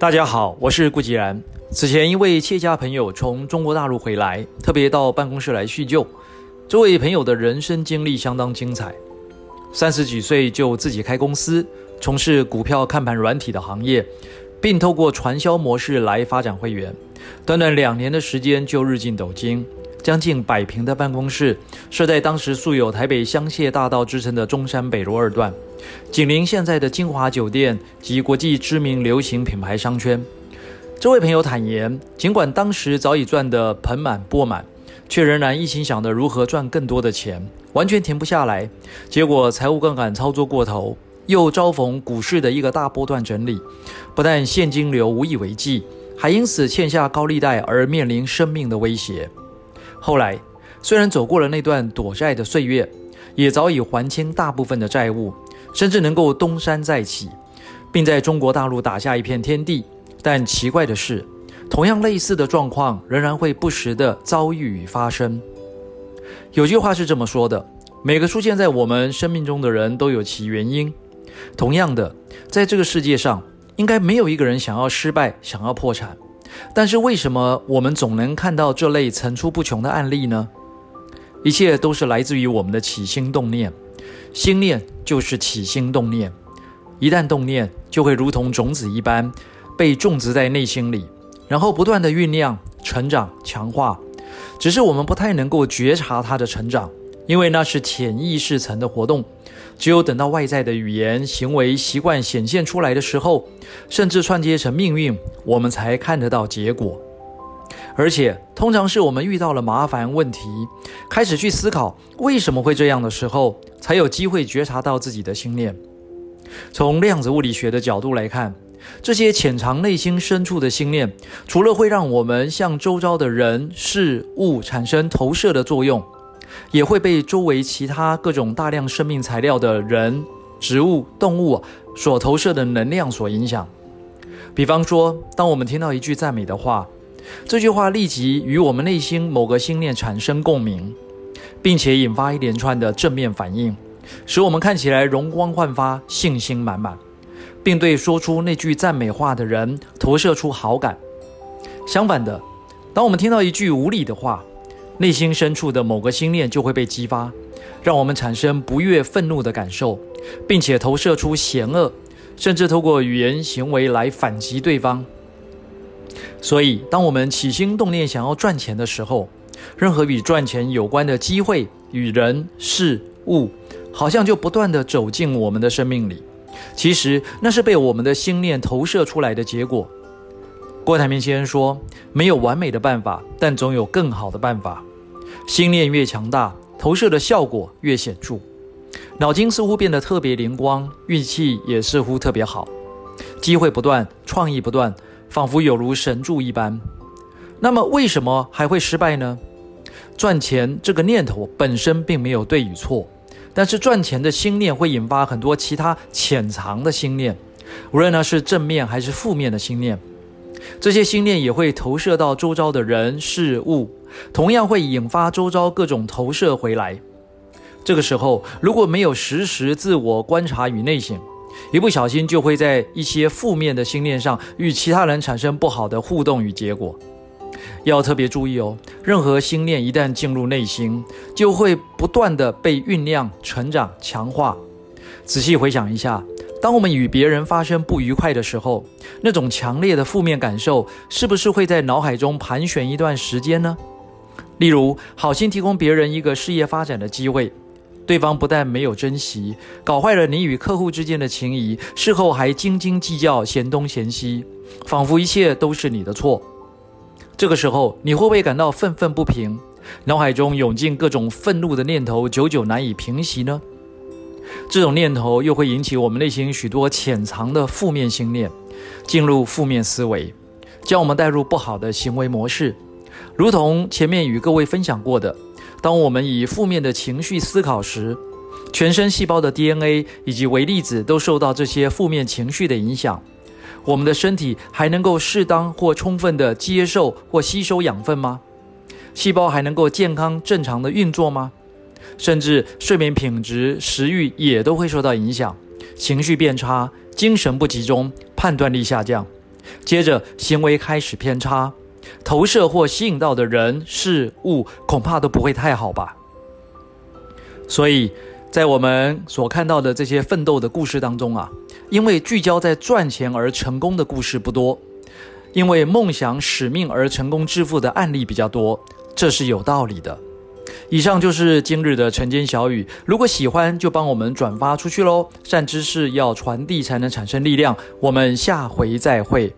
大家好，我是顧吉然。此前一位企業家朋友從中國大陸回來，特別到辦公室來敘舊。這位朋友的人生經歷相當精彩，三十幾歲就自己開公司，從事股票看盤軟體的行業，並透過傳銷模式來發展會員。短短兩年的時間就日進斗金，將近百平的辦公室設在當時素有台北香榭大道之稱的中山北路二段。緊鄰現在的晶華酒店及國際知名流行品牌商圈，這位朋友坦言，儘管當時早已賺得盆滿缽滿，卻仍然一心想著如何賺更多的錢，完全停不下來。結果財務槓桿操作過頭，又遭逢股市的一個大波段整理，不但現金流無以為繼，還因此欠下高利貸而面臨生命的威脅。後來雖然走過了那段躲債的歲月，也早已還清大部分的債務。甚至能夠東山再起，並在中國大陸打下一片天地。但奇怪的是，同樣類似的狀況仍然會不時地遭遇與發生。有句話是這麼說的：每個出現在我們生命中的人都有其原因。同樣的，在這個世界上，應該沒有一個人想要失敗、想要破產。但是為什麼我們總能看到這類層出不窮的案例呢？一切都是來自於我們的起心動念。心念就是起心動念，一旦動念，就會如同種子一般被種植在內心裡，然後不斷地醞釀、成長、強化。只是我們不太能夠覺察它的成長，因為那是潛意識層的活動。只有等到外在的語言、行為、習慣顯現出來的時候，甚至串接成命運，我們才看得到結果。而且，通常是我們遇到了麻煩問題，開始去思考為什麼會這樣的時候，才有機會覺察到自己的心念。從量子物理學的角度來看，這些潛藏內心深處的心念，除了會讓我們向周遭的人事物產生投射的作用，也會被周圍其他各種大量生命材料的人、植物、動物所投射的能量所影響。比方說，當我們聽到一句讚美的話。這句話立即與我們內心某個心念產生共鳴，並且引發一連串的正面反應，使我們看起來容光煥發、信心滿滿，並對說出那句讚美話的人投射出好感。相反的，當我們聽到一句無理的話，內心深處的某個心念就會被激發，讓我們產生不悅、憤怒的感受，並且投射出嫌惡，甚至透過語言、行為來反擊對方。所以，當我們起心動念想要賺錢的時候，任何與賺錢有關的機會、與人、事物，好像就不斷地走進我們的生命裡。其實，那是被我們的心念投射出來的結果。郭台銘先生說：“沒有完美的辦法，但總有更好的辦法。心念越強大，投射的效果越顯著。腦筋似乎變得特別靈光，運氣也似乎特別好，機會不斷，創意不斷。”仿佛有如神助一般，那麼為什麼還會失敗呢？賺錢這個念頭本身並沒有對與錯，但是賺錢的心念會引發很多其他潛藏的心念，無論呢是正面還是負面的心念，這些心念也會投射到周遭的人事物，同樣會引發周遭各種投射回來。這個時候如果沒有時時自我觀察與內省。一不小心就會在一些負面的心念上與其他人產生不好的互動與結果，要特別注意哦。任何心念一旦進入內心，就會不斷地被醞釀、成長、強化。仔細回想一下，當我們與別人發生不愉快的時候，那種強烈的負面感受是不是會在腦海中盤旋一段時間呢？例如，好心提供別人一個事業發展的機會。對方不但沒有珍惜，搞壞了你與客戶之間的情誼，事後還斤斤計較、嫌東嫌西，仿佛一切都是你的錯。這個時候，你會不會感到憤憤不平，腦海中湧進各種憤怒的念頭，久久難以平息呢？這種念頭又會引起我們內心許多潛藏的負面心念，進入負面思維，將我們帶入不好的行為模式。如同前面與各位分享過的，當我們以負面的情緒思考時，全身細胞的 DNA 以及微粒子都受到這些負面情緒的影響。我們的身體還能夠適當或充分地接受或吸收養分嗎？細胞還能夠健康正常地運作嗎？甚至睡眠品質、食慾也都會受到影響，情緒變差，精神不集中，判斷力下降，接着行為開始偏差。投射或吸引到的人事物，恐怕都不會太好吧。所以，在我們所看到的這些奮鬥的故事當中啊，因為聚焦在賺錢而成功的故事不多，因為夢想使命而成功致富的案例比較多，這是有道理的。以上就是今日的晨間小語，如果喜歡就幫我們轉發出去嘍。善知識要傳遞才能產生力量，我們下回再會。